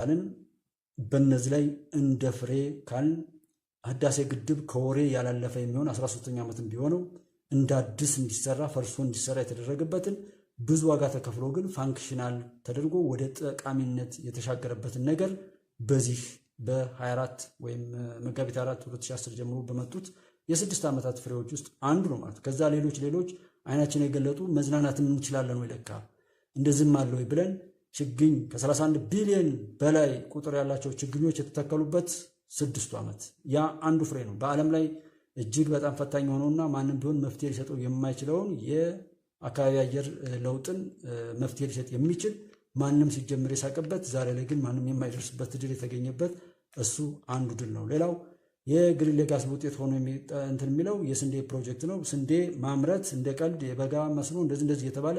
ካልን በነዚህ ላይ እንደ ፍሬ ካልን ህዳሴ ግድብ ከወሬ ያላለፈ የሚሆን 13ኛ ዓመትን ቢሆነው እንደ አዲስ እንዲሰራ ፈርሶ እንዲሰራ የተደረገበትን ብዙ ዋጋ ተከፍሎ ግን ፋንክሽናል ተደርጎ ወደ ጠቃሚነት የተሻገረበትን ነገር በዚህ በ24 ወይም መጋቢት 4 2010 ጀምሮ በመጡት የስድስት ዓመታት ፍሬዎች ውስጥ አንዱ ነው ማለት። ከዛ ሌሎች ሌሎች አይናችን የገለጡ መዝናናትም እንችላለን ወይ ለካ እንደዚህም አለ ወይ ብለን ችግኝ ከ31 ቢሊዮን በላይ ቁጥር ያላቸው ችግኞች የተተከሉበት ስድስቱ ዓመት ያ አንዱ ፍሬ ነው። በዓለም ላይ እጅግ በጣም ፈታኝ የሆነውና ማንም ቢሆን መፍትሄ ሊሰጠው የማይችለውን የአካባቢ አየር ለውጥን መፍትሄ ሊሰጥ የሚችል ማንም ሲጀምር የሳቀበት ዛሬ ላይ ግን ማንም የማይደርስበት ድል የተገኘበት እሱ አንዱ ድል ነው። ሌላው የግሪን ሌጋሲ ውጤት ሆኖ እንትን የሚለው የስንዴ ፕሮጀክት ነው። ስንዴ ማምረት እንደ ቀልድ የበጋ መስኖ እንደዚህ እንደዚህ እየተባለ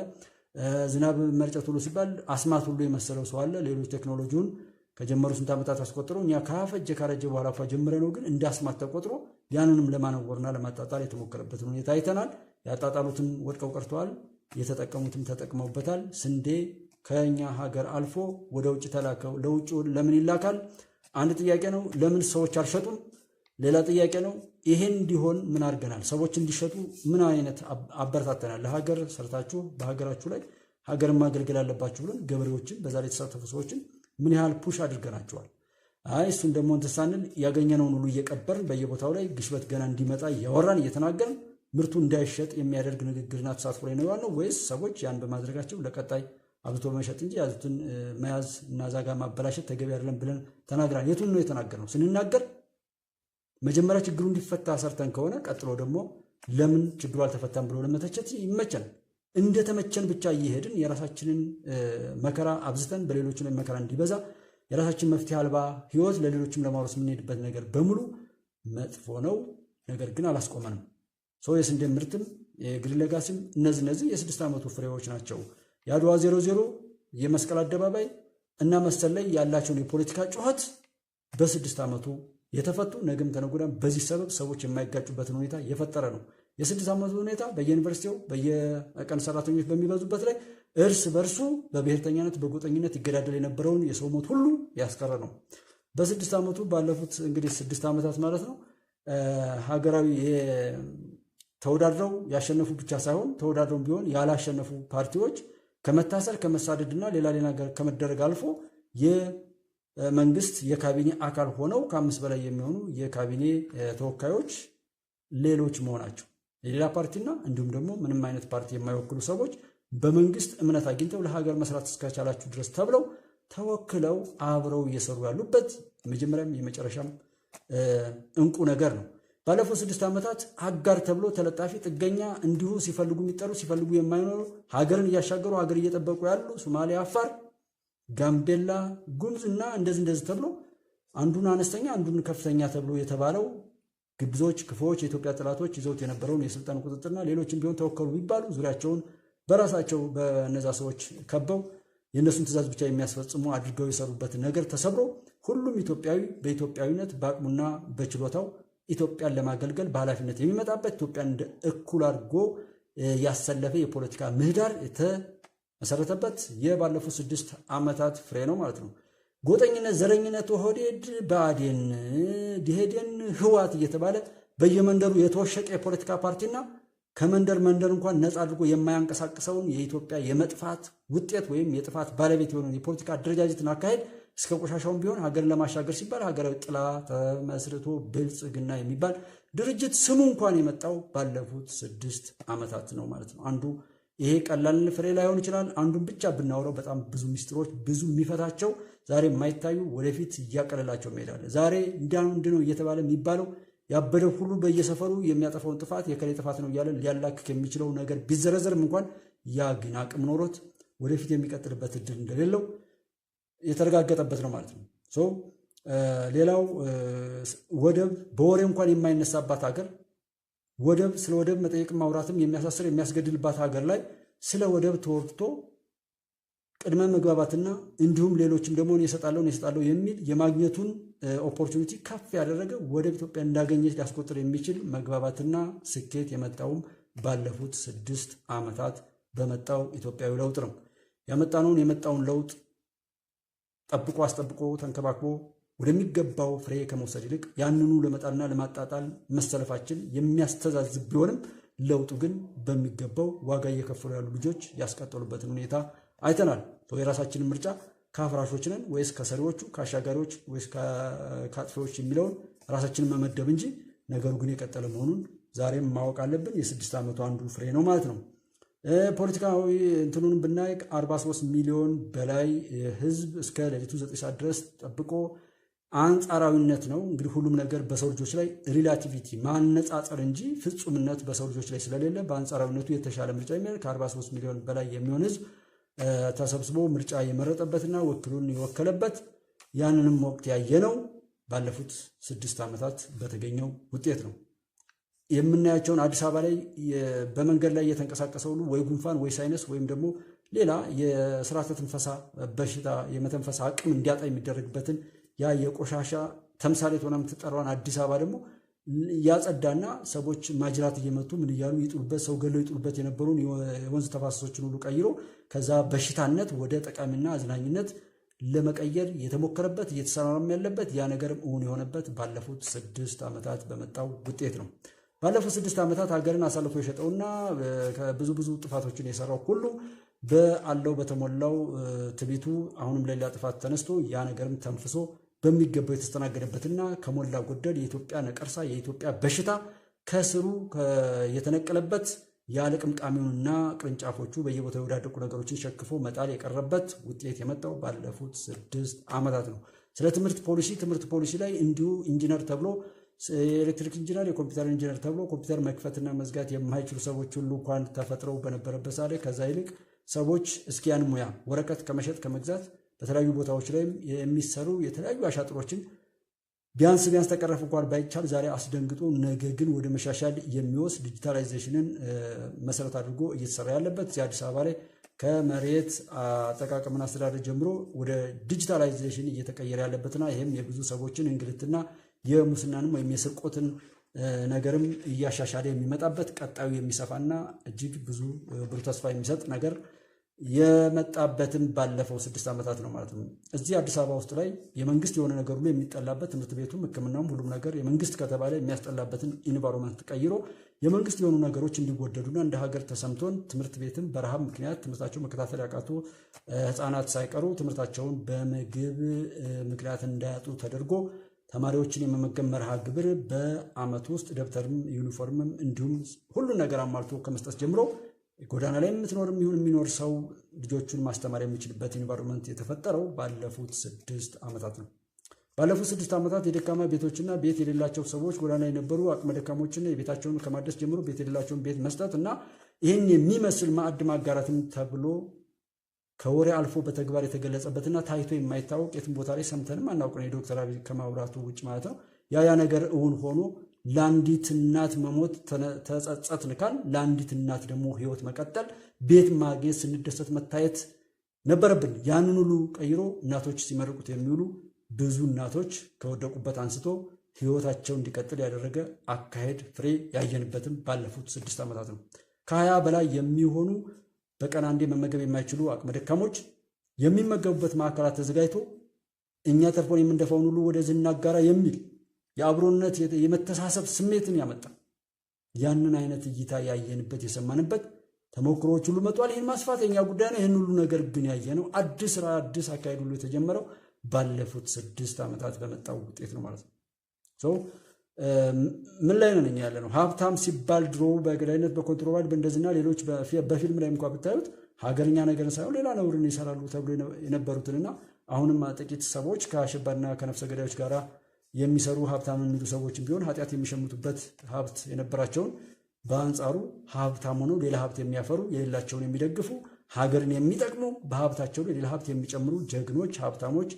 ዝናብ መርጨት ሁሉ ሲባል አስማት ሁሉ የመሰለው ሰው አለ። ሌሎች ቴክኖሎጂውን ከጀመሩ ስንት ዓመታት አስቆጥሮ እኛ ካፈጀ ካረጀ በኋላ እንኳ ጀምረ ነው ግን እንደ አስማት ተቆጥሮ ያንንም ለማነወርና ለማጣጣል የተሞከረበትን ሁኔታ አይተናል። ያጣጣሉትም ወድቀው ቀርተዋል። የተጠቀሙትም ተጠቅመውበታል። ስንዴ ከኛ ሀገር አልፎ ወደ ውጭ ተላከው ለውጭ ለምን ይላካል? አንድ ጥያቄ ነው። ለምን ሰዎች አልሸጡም? ሌላ ጥያቄ ነው። ይሄን እንዲሆን ምን አድርገናል? ሰዎች እንዲሸጡ ምን አይነት አበረታተናል? ለሀገር ሰርታችሁ በሀገራችሁ ላይ ሀገርን ማገልገል አለባችሁ ብለን ገበሬዎችን፣ በዛ ላይ የተሳተፉ ሰዎችን ምን ያህል ፑሽ አድርገናቸዋል? አይ እሱን ደግሞ እንትን ሳንል ያገኘነውን ሁሉ እየቀበርን በየቦታው ላይ ግሽበት ገና እንዲመጣ እያወራን እየተናገርን ምርቱ እንዳይሸጥ የሚያደርግ ንግግርና ተሳትፎ ላይ ነው ያለው ወይስ ሰዎች ያን በማድረጋቸው ለቀጣይ አብዝቶ በመሸጥ እንጂ ያዙትን መያዝ እና ዛጋ ማበላሸት ተገቢ አይደለም ብለን ተናግራል። የቱን ነው የተናገርነው ስንናገር መጀመሪያ ችግሩ እንዲፈታ ሰርተን ከሆነ ቀጥሎ ደግሞ ለምን ችግሩ አልተፈታም ብሎ ለመተቸት ይመቸን። እንደተመቸን ብቻ እየሄድን የራሳችንን መከራ አብዝተን በሌሎች ላይ መከራ እንዲበዛ የራሳችን መፍትሄ አልባ ህይወት ለሌሎችም ለማውረስ የምንሄድበት ነገር በሙሉ መጥፎ ነው። ነገር ግን አላስቆመንም። ሰው የስንዴ ምርትም የግሪን እነዚህ እነዚህ የስድስት ዓመቱ ፍሬዎች ናቸው። የአድዋ ዜሮ ዜሮ የመስቀል አደባባይ እና መሰል ላይ ያላቸውን የፖለቲካ ጩኸት በስድስት ዓመቱ የተፈቱ ነገም ተነጎዳም በዚህ ሰበብ ሰዎች የማይጋጩበትን ሁኔታ የፈጠረ ነው። የስድስት ዓመቱ ሁኔታ በየዩኒቨርሲቲው በየቀን ሰራተኞች በሚበዙበት ላይ እርስ በርሱ በብሔርተኛነት በጎጠኝነት ይገዳደል የነበረውን የሰው ሞት ሁሉ ያስቀረ ነው። በስድስት ዓመቱ ባለፉት እንግዲህ ስድስት ዓመታት ማለት ነው ሀገራዊ ተወዳድረው ያሸነፉ ብቻ ሳይሆን ተወዳድረው ቢሆን ያላሸነፉ ፓርቲዎች ከመታሰር ከመሳደድና ሌላ ሌላ ከመደረግ አልፎ መንግስት የካቢኔ አካል ሆነው ከአምስት በላይ የሚሆኑ የካቢኔ ተወካዮች ሌሎች መሆናቸው የሌላ ፓርቲና እንዲሁም ደግሞ ምንም አይነት ፓርቲ የማይወክሉ ሰዎች በመንግስት እምነት አግኝተው ለሀገር መስራት እስከቻላችሁ ድረስ ተብለው ተወክለው አብረው እየሰሩ ያሉበት የመጀመሪያም የመጨረሻም እንቁ ነገር ነው። ባለፉት ስድስት ዓመታት አጋር ተብሎ ተለጣፊ ጥገኛ እንዲሁ ሲፈልጉ የሚጠሩ ሲፈልጉ የማይኖሩ ሀገርን እያሻገሩ ሀገር እየጠበቁ ያሉ ሶማሌ፣ አፋር ጋምቤላ፣ ጉምዝና እንደዚህ እንደዚህ ተብሎ አንዱን አነስተኛ አንዱን ከፍተኛ ተብሎ የተባለው ግብዞች፣ ክፎች የኢትዮጵያ ጠላቶች ይዘውት የነበረውን የስልጣን ቁጥጥርና ሌሎችም ቢሆን ተወከሉ ቢባሉ ዙሪያቸውን በራሳቸው በነዛ ሰዎች ከበው የእነሱን ትእዛዝ ብቻ የሚያስፈጽሙ አድርገው የሰሩበት ነገር ተሰብሮ ሁሉም ኢትዮጵያዊ በኢትዮጵያዊነት በአቅሙና በችሎታው ኢትዮጵያን ለማገልገል በኃላፊነት የሚመጣበት ኢትዮጵያን እንደ እኩል አድርጎ ያሰለፈ የፖለቲካ ምህዳር መሰረተበት። ባለፉት ስድስት ዓመታት ፍሬ ነው ማለት ነው። ጎጠኝነት፣ ዘረኝነት፣ ኦህዴድ፣ ብአዴን፣ ዲሄዴን፣ ህዋት እየተባለ በየመንደሩ የተወሸቀ የፖለቲካ ፓርቲና ከመንደር መንደር እንኳን ነፃ አድርጎ የማያንቀሳቅሰውን የኢትዮጵያ የመጥፋት ውጤት ወይም የጥፋት ባለቤት የሆነውን የፖለቲካ አደረጃጀትን አካሄድ እስከ ቆሻሻውን ቢሆን ሀገር ለማሻገር ሲባል ሀገራዊ ጥላ ተመስርቶ ብልጽግና የሚባል ድርጅት ስሙ እንኳን የመጣው ባለፉት ስድስት ዓመታት ነው ማለት ነው አንዱ ይሄ ቀላል ፍሬ ላይሆን ይችላል። አንዱን ብቻ ብናወረው በጣም ብዙ ሚስጥሮች፣ ብዙ የሚፈታቸው ዛሬ የማይታዩ ወደፊት እያቀለላቸው መሄዳለ። ዛሬ እንድ ነው እየተባለ የሚባለው ያበደ ሁሉ በየሰፈሩ የሚያጠፋውን ጥፋት የከሌ ጥፋት ነው እያለ ሊያላክክ የሚችለው ነገር ቢዘረዘርም እንኳን ያ ግን አቅም ኖሮት ወደፊት የሚቀጥልበት እድል እንደሌለው የተረጋገጠበት ነው ማለት ነው። ሌላው ወደብ በወሬ እንኳን የማይነሳባት ሀገር ወደብ ስለ ወደብ መጠየቅ ማውራትም የሚያሳስር የሚያስገድልባት ሀገር ላይ ስለ ወደብ ተወርቶ ቅድመ መግባባትና እንዲሁም ሌሎችም ደግሞ የሰጣለውን የሰጣለው የሚል የማግኘቱን ኦፖርቹኒቲ ከፍ ያደረገ ወደብ ኢትዮጵያ እንዳገኘች ሊያስቆጥር የሚችል መግባባትና ስኬት የመጣውም ባለፉት ስድስት ዓመታት በመጣው ኢትዮጵያዊ ለውጥ ነው። ያመጣነውን የመጣውን ለውጥ ጠብቆ አስጠብቆ ተንከባክቦ ወደሚገባው ፍሬ ከመውሰድ ይልቅ ያንኑ ለመጣልና ለማጣጣል መሰለፋችን የሚያስተዛዝብ ቢሆንም ለውጡ ግን በሚገባው ዋጋ እየከፈሉ ያሉ ልጆች ያስቀጠሉበትን ሁኔታ አይተናል። የራሳችንን ምርጫ ከአፍራሾች ነን ወይስ ከሰሪዎቹ፣ ከአሻጋሪዎች ወይስ ከአጥፊዎች የሚለውን ራሳችንን መመደብ እንጂ ነገሩ ግን የቀጠለ መሆኑን ዛሬም ማወቅ አለብን። የስድስት ዓመቱ አንዱ ፍሬ ነው ማለት ነው። ፖለቲካዊ እንትኑን ብናይ 43 ሚሊዮን በላይ ህዝብ እስከ ሌሊቱ ዘጠኝ ሰዓት ድረስ ጠብቆ አንጻራዊነት ነው። እንግዲህ ሁሉም ነገር በሰው ልጆች ላይ ሪላቲቪቲ ማነጻጸር እንጂ ፍጹምነት በሰው ልጆች ላይ ስለሌለ በአንጻራዊነቱ የተሻለ ምርጫ የሚያደርግ ከ43 ሚሊዮን በላይ የሚሆን ህዝብ ተሰብስቦ ምርጫ የመረጠበትና ወኪሉን የወከለበት ያንንም ወቅት ያየ ነው ባለፉት ስድስት ዓመታት በተገኘው ውጤት ነው የምናያቸውን አዲስ አበባ ላይ በመንገድ ላይ እየተንቀሳቀሰ ሁሉ ወይ ጉንፋን ወይ ሳይነስ ወይም ደግሞ ሌላ የስርዓተ ትንፈሳ በሽታ የመተንፈሳ አቅም እንዲያጣ የሚደረግበትን ያ የቆሻሻ ተምሳሌት ሆና የምትጠራዋን አዲስ አበባ ደግሞ እያጸዳና ሰዎች ማጅራት እየመቱ ምን እያሉ ይጥሉበት ሰው ገለው ይጥሉበት የነበሩን የወንዝ ተፋሰሶችን ሁሉ ቀይሮ ከዛ በሽታነት ወደ ጠቃሚና አዝናኝነት ለመቀየር የተሞከረበት እየተሰራም ያለበት ያ ነገርም እውን የሆነበት ባለፉት ስድስት ዓመታት በመጣው ውጤት ነው። ባለፉት ስድስት ዓመታት ሀገርን አሳልፎ የሸጠውና ብዙ ብዙ ጥፋቶችን የሰራው ሁሉ በአለው በተሞላው ትቢቱ አሁንም ለሌላ ጥፋት ተነስቶ ያ ነገርም ተንፍሶ በሚገባው የተስተናገደበትና ከሞላ ጎደል የኢትዮጵያ ነቀርሳ የኢትዮጵያ በሽታ ከስሩ የተነቀለበት የአለቅምቃሚውንና ቅርንጫፎቹ በየቦታው የወዳደቁ ነገሮችን ሸክፎ መጣል የቀረበት ውጤት የመጣው ባለፉት ስድስት ዓመታት ነው። ስለ ትምህርት ፖሊሲ ትምህርት ፖሊሲ ላይ እንዲሁ ኢንጂነር ተብሎ የኤሌክትሪክ ኢንጂነር፣ የኮምፒውተር ኢንጂነር ተብሎ ኮምፒውተር መክፈትና መዝጋት የማይችሉ ሰዎች ሁሉ እንኳን ተፈጥረው በነበረበት ሳሌ ከዛ ይልቅ ሰዎች እስኪያን ሙያ ወረቀት ከመሸጥ ከመግዛት በተለያዩ ቦታዎች ላይም የሚሰሩ የተለያዩ አሻጥሮችን ቢያንስ ቢያንስ ተቀረፍ እንኳን ባይቻል ዛሬ አስደንግጦ ነገ ግን ወደ መሻሻል የሚወስድ ዲጂታላይዜሽንን መሰረት አድርጎ እየተሰራ ያለበት እዚህ አዲስ አበባ ላይ ከመሬት አጠቃቀምና አስተዳደር ጀምሮ ወደ ዲጂታላይዜሽን እየተቀየረ ያለበትና ይህም የብዙ ሰዎችን እንግልትና የሙስናንም ወይም የስርቆትን ነገርም እያሻሻለ የሚመጣበት ቀጣዩ የሚሰፋና እጅግ ብዙ ብሩ ተስፋ የሚሰጥ ነገር የመጣበትም ባለፈው ስድስት ዓመታት ነው ማለት ነው። እዚህ አዲስ አበባ ውስጥ ላይ የመንግስት የሆነ ነገር ሁሉ የሚጠላበት ትምህርት ቤቱም ሕክምናም ሁሉም ነገር የመንግስት ከተባለ የሚያስጠላበትን ኢንቫይሮመንት ቀይሮ የመንግስት የሆኑ ነገሮች እንዲወደዱና እንደ ሀገር ተሰምቶን ትምህርት ቤትም በረሃብ ምክንያት ትምህርታቸው መከታተል ያቃቱ ህፃናት ሳይቀሩ ትምህርታቸውን በምግብ ምክንያት እንዳያጡ ተደርጎ ተማሪዎችን የመመገብ መርሃ ግብር በአመት ውስጥ ደብተርም ዩኒፎርምም እንዲሁም ሁሉን ነገር አሟልቶ ከመስጠት ጀምሮ ጎዳና ላይ የምትኖር የሚሆን የሚኖር ሰው ልጆቹን ማስተማር የሚችልበት ኢንቫይሮንመንት የተፈጠረው ባለፉት ስድስት ዓመታት ነው። ባለፉት ስድስት ዓመታት የደካማ ቤቶችና ቤት የሌላቸው ሰዎች ጎዳና የነበሩ አቅመ ደካሞችና የቤታቸውን ከማደስ ጀምሮ ቤት የሌላቸውን ቤት መስጠት እና ይህን የሚመስል ማዕድ ማጋራትም ተብሎ ከወሬ አልፎ በተግባር የተገለጸበትና ታይቶ የማይታወቅ የትም ቦታ ላይ ሰምተንም አናውቅ ነው። የዶክተር አብይ ከማውራቱ ውጭ ማለት ነው። ያ ያ ነገር እውን ሆኖ ለአንዲት እናት መሞት ተጸጸትን ካል ለአንዲት እናት ደግሞ ህይወት መቀጠል ቤት ማግኘት ስንደሰት መታየት ነበረብን። ያንን ሁሉ ቀይሮ እናቶች ሲመርቁት የሚውሉ ብዙ እናቶች ከወደቁበት አንስቶ ህይወታቸው እንዲቀጥል ያደረገ አካሄድ ፍሬ ያየንበትም ባለፉት ስድስት ዓመታት ነው። ከሀያ በላይ የሚሆኑ በቀን አንዴ መመገብ የማይችሉ አቅመ ደካሞች የሚመገቡበት ማዕከላት ተዘጋጅቶ እኛ ተርፎን የምንደፋውን ሁሉ ወደዚህ እናጋራ የሚል የአብሮነት የመተሳሰብ ስሜትን ያመጣል። ያንን አይነት እይታ ያየንበት የሰማንበት ተሞክሮዎች ሁሉ መጥቷል። ይህን ማስፋተኛ ጉዳይ ነው። ይህን ሁሉ ነገር ግን ያየ ነው አዲስ ስራ አዲስ አካሄድ ሁሉ የተጀመረው ባለፉት ስድስት ዓመታት በመጣው ውጤት ነው ማለት ነው። ምን ላይ ነን እኛ ያለ ነው? ሀብታም ሲባል ድሮ በገዳይነት በኮንትሮባንድ በእንደዚህና ሌሎች በፊልም ላይ እንኳ ብታዩት ሀገርኛ ነገርን ሳይሆን ሌላ ነውርን ይሰራሉ ተብሎ የነበሩትንና አሁንም ጥቂት ሰዎች ከአሸባሪና ከነፍሰ ገዳዮች ጋር የሚሰሩ ሀብታም የሚሉ ሰዎችም ቢሆን ኃጢአት የሚሸምቱበት ሀብት የነበራቸውን በአንጻሩ ሀብታም ሆነው ሌላ ሀብት የሚያፈሩ የሌላቸውን የሚደግፉ ሀገርን የሚጠቅሙ በሀብታቸው ሌላ ሀብት የሚጨምሩ ጀግኖች ሀብታሞች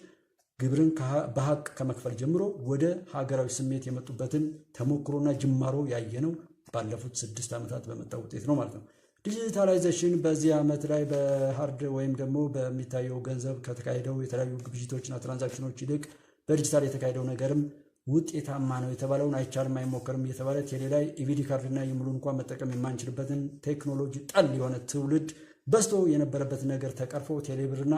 ግብርን በሀቅ ከመክፈል ጀምሮ ወደ ሀገራዊ ስሜት የመጡበትን ተሞክሮና ጅማሮ ያየነው ባለፉት ስድስት ዓመታት በመጣው ውጤት ነው ማለት ነው። ዲጂታላይዜሽን በዚህ ዓመት ላይ በሀርድ ወይም ደግሞ በሚታየው ገንዘብ ከተካሄደው የተለያዩ ግብይቶችና ትራንዛክሽኖች ይልቅ በዲጂታል የተካሄደው ነገርም ውጤታማ ነው የተባለውን አይቻልም አይሞከርም እየተባለ ቴሌ ላይ ኢቪዲ ካርድና የሙሉ እንኳን መጠቀም የማንችልበትን ቴክኖሎጂ ጠል የሆነ ትውልድ በዝቶ የነበረበት ነገር ተቀርፎ ቴሌብርና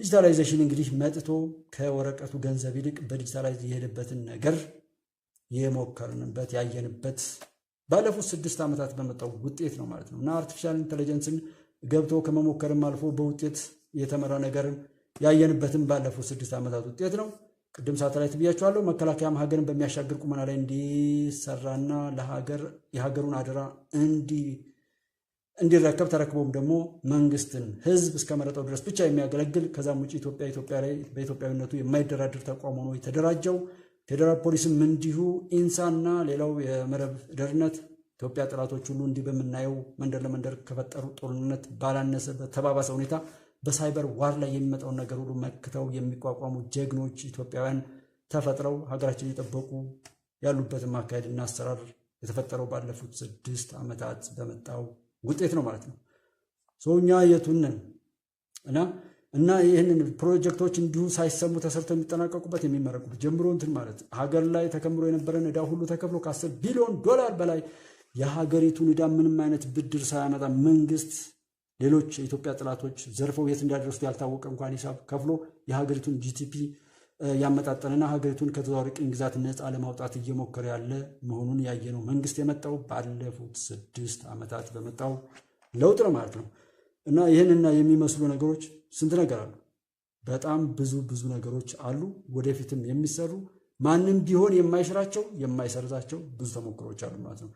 ዲጂታላይዜሽን እንግዲህ መጥቶ ከወረቀቱ ገንዘብ ይልቅ በዲጂታላይዝ የሄደበትን ነገር የሞከርንበት ያየንበት ባለፉት ስድስት ዓመታት በመጣው ውጤት ነው ማለት ነው እና አርቲፊሻል ኢንቴሊጀንስን ገብቶ ከመሞከርም አልፎ በውጤት የተመራ ነገርን ያየንበትም ባለፉት ስድስት ዓመታት ውጤት ነው። ቅድም ሳተላይት ብያቸዋለሁ። መከላከያም ሀገርን በሚያሻግር ቁመና ላይ እንዲሰራና ለሀገር የሀገሩን አደራ እንዲረከብ ተረክቦም ደግሞ መንግስትን ህዝብ እስከ መረጠው ድረስ ብቻ የሚያገለግል ከዛም ውጭ ኢትዮጵያ ኢትዮጵያ ላይ በኢትዮጵያዊነቱ የማይደራድር ተቋም ሆኖ የተደራጀው ፌዴራል ፖሊስም እንዲሁ ኢንሳና ሌላው የመረብ ደርነት ኢትዮጵያ ጠላቶች ሁሉ እንዲህ በምናየው መንደር ለመንደር ከፈጠሩ ጦርነት ባላነሰ በተባባሰ ሁኔታ በሳይበር ዋር ላይ የሚመጣውን ነገር ሁሉ መክተው የሚቋቋሙ ጀግኖች ኢትዮጵያውያን ተፈጥረው ሀገራችን የጠበቁ ያሉበትን ማካሄድና አሰራር የተፈጠረው ባለፉት ስድስት ዓመታት በመጣው ውጤት ነው ማለት ነው። ሰውኛ የቱንን እና እና ይህንን ፕሮጀክቶች እንዲሁ ሳይሰሙ ተሰርተው የሚጠናቀቁበት የሚመረቁበት ጀምሮ እንትን ማለት ሀገር ላይ ተከምሮ የነበረን እዳ ሁሉ ተከፍሎ ከአስር ቢሊዮን ዶላር በላይ የሀገሪቱን እዳ ምንም አይነት ብድር ሳያመጣ መንግስት ሌሎች የኢትዮጵያ ጥላቶች ዘርፈው የት እንዳደረሱት ያልታወቀ እንኳን ሂሳብ ከፍሎ የሀገሪቱን ጂቲፒ ያመጣጠንና ሀገሪቱን ከተዘዋዋሪ ቅኝ ግዛት ነፃ ለማውጣት እየሞከረ ያለ መሆኑን ያየነው መንግስት የመጣው ባለፉት ስድስት ዓመታት በመጣው ለውጥ ነው ማለት ነው። እና ይህንና የሚመስሉ ነገሮች ስንት ነገር አሉ። በጣም ብዙ ብዙ ነገሮች አሉ። ወደፊትም የሚሰሩ ማንም ቢሆን የማይሽራቸው የማይሰርዛቸው ብዙ ተሞክሮች አሉ ማለት ነው።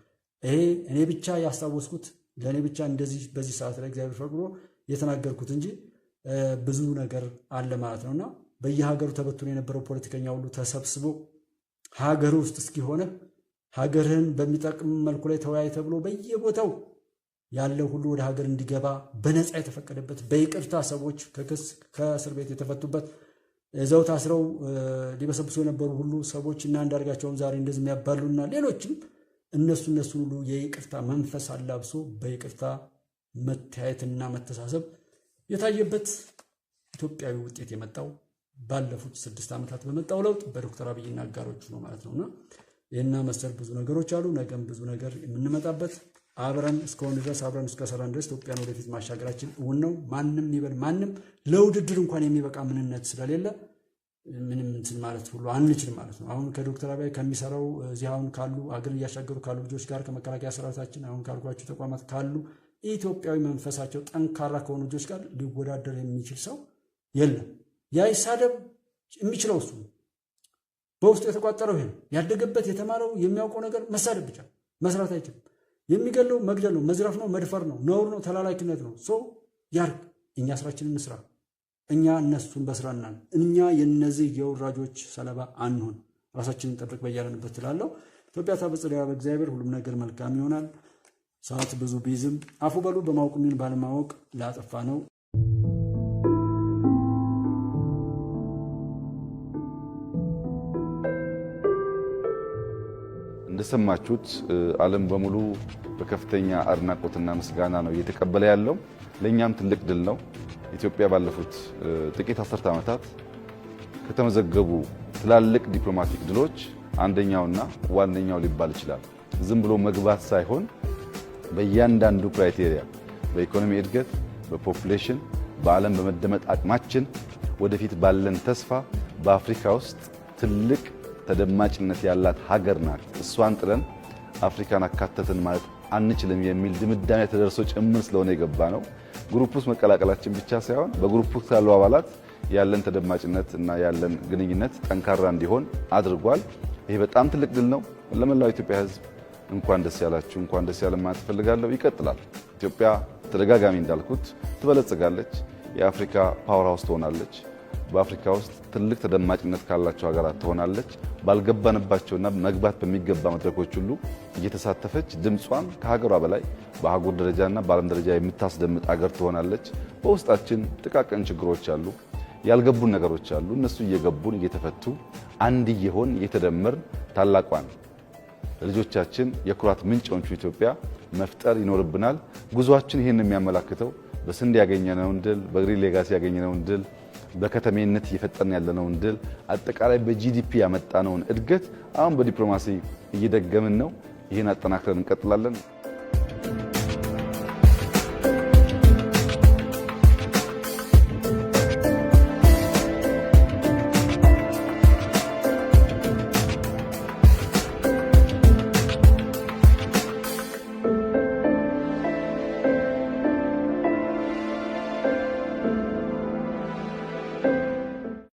ይሄ እኔ ብቻ ያስታወስኩት ለእኔ ብቻ እንደዚህ በዚህ ሰዓት ላይ እግዚአብሔር ፈቅዶ የተናገርኩት እንጂ ብዙ ነገር አለ ማለት ነው እና በየሀገሩ ተበትኖ የነበረው ፖለቲከኛ ሁሉ ተሰብስቦ ሀገር ውስጥ እስኪሆነ ሀገርህን በሚጠቅም መልኩ ላይ ተወያይ ተብሎ በየቦታው ያለው ሁሉ ወደ ሀገር እንዲገባ በነፃ የተፈቀደበት በይቅርታ ሰዎች ከክስ ከእስር ቤት የተፈቱበት እዛው ታስረው ሊበሰብሱ የነበሩ ሁሉ ሰዎች እና አንዳርጋቸውም ዛሬ እንደዚህ የሚያባሉና ሌሎችም እነሱ እነሱ ሁሉ የይቅርታ መንፈስ አላብሶ በይቅርታ መተያየትና መተሳሰብ የታየበት ኢትዮጵያዊ ውጤት የመጣው ባለፉት ስድስት ዓመታት በመጣው ለውጥ በዶክተር አብይና አጋሮች ነው ማለት ነውና ይህና መሰል ብዙ ነገሮች አሉ። ነገም ብዙ ነገር የምንመጣበት አብረን እስከሆን ድረስ አብረን እስከሰራን ድረስ ኢትዮጵያን ወደፊት ማሻገራችን እውን ነው። ማንም ይበል ማንም ለውድድር እንኳን የሚበቃ ምንነት ስለሌለ ምንም እንትን ማለት ሁሉ አንችል ማለት ነው። አሁን ከዶክተር አብይ ከሚሰራው እዚህ አሁን ካሉ አገር እያሻገሩ ካሉ ልጆች ጋር ከመከላከያ ሰራዊታችን አሁን ካልኳቸው ተቋማት ካሉ ኢትዮጵያዊ መንፈሳቸው ጠንካራ ከሆኑ ልጆች ጋር ሊወዳደር የሚችል ሰው የለም። ያ ይሳደብ የሚችለው እሱ በውስጡ የተቋጠረው ይሄ ያደገበት የተማረው የሚያውቀው ነገር መሳደብ ብቻ መስራት አይችልም። የሚገለው መግደል ነው፣ መዝረፍ ነው፣ መድፈር ነው፣ ነውር ነው፣ ተላላኪነት ነው። ሰው ያርግ። እኛ ስራችንን እንስራ። እኛ እነሱን በስራናን እኛ የነዚህ የውራጆች ሰለባ አንሆን። ራሳችንን ጠብቅ በያለንበት ትላለው። ኢትዮጵያ ታበጽሪያ በእግዚአብሔር ሁሉም ነገር መልካም ይሆናል። ሰዓት ብዙ ቢዝም አፉ በሉ በማወቅ ሚን ባለማወቅ ላጠፋ ነው። እንደሰማችሁት ዓለም በሙሉ በከፍተኛ አድናቆትና ምስጋና ነው እየተቀበለ ያለው። ለእኛም ትልቅ ድል ነው። ኢትዮጵያ ባለፉት ጥቂት አስርተ ዓመታት ከተመዘገቡ ትላልቅ ዲፕሎማቲክ ድሎች አንደኛውና ዋነኛው ሊባል ይችላል። ዝም ብሎ መግባት ሳይሆን በእያንዳንዱ ክራይቴሪያ በኢኮኖሚ እድገት፣ በፖፑሌሽን፣ በዓለም በመደመጥ አቅማችን፣ ወደፊት ባለን ተስፋ በአፍሪካ ውስጥ ትልቅ ተደማጭነት ያላት ሀገር ናት። እሷን ጥለን አፍሪካን አካተትን ማለት አንችልም የሚል ድምዳሜ ተደርሶ ጭምር ስለሆነ የገባ ነው። ግሩፕ ውስጥ መቀላቀላችን ብቻ ሳይሆን በግሩፕ ውስጥ ያሉ አባላት ያለን ተደማጭነት እና ያለን ግንኙነት ጠንካራ እንዲሆን አድርጓል። ይሄ በጣም ትልቅ ድል ነው። ለመላው ኢትዮጵያ ሕዝብ እንኳን ደስ ያላችሁ፣ እንኳን ደስ ያለን ማለት እፈልጋለሁ። ይቀጥላል። ኢትዮጵያ ተደጋጋሚ እንዳልኩት ትበለጽጋለች። የአፍሪካ ፓወር ሃውስ ትሆናለች። በአፍሪካ ውስጥ ትልቅ ተደማጭነት ካላቸው ሀገራት ትሆናለች። ባልገባንባቸውና መግባት በሚገባ መድረኮች ሁሉ እየተሳተፈች ድምጿን ከሀገሯ በላይ በአህጉር ደረጃና በዓለም ደረጃ የምታስደምጥ ሀገር ትሆናለች። በውስጣችን ጥቃቅን ችግሮች አሉ፣ ያልገቡን ነገሮች አሉ። እነሱ እየገቡን እየተፈቱ አንድ እየሆን እየተደመርን ታላቋን ልጆቻችን የኩራት ምንጭ የሆነችው ኢትዮጵያ መፍጠር ይኖርብናል። ጉዟችን ይህን የሚያመላክተው በስንዴ ያገኘነውን ድል፣ በግሪን ሌጋሲ ያገኘነውን ድል በከተሜነት እየፈጠርን ያለነውን ድል አጠቃላይ በጂዲፒ ያመጣነውን እድገት አሁን በዲፕሎማሲ እየደገምን ነው። ይህን አጠናክረን እንቀጥላለን።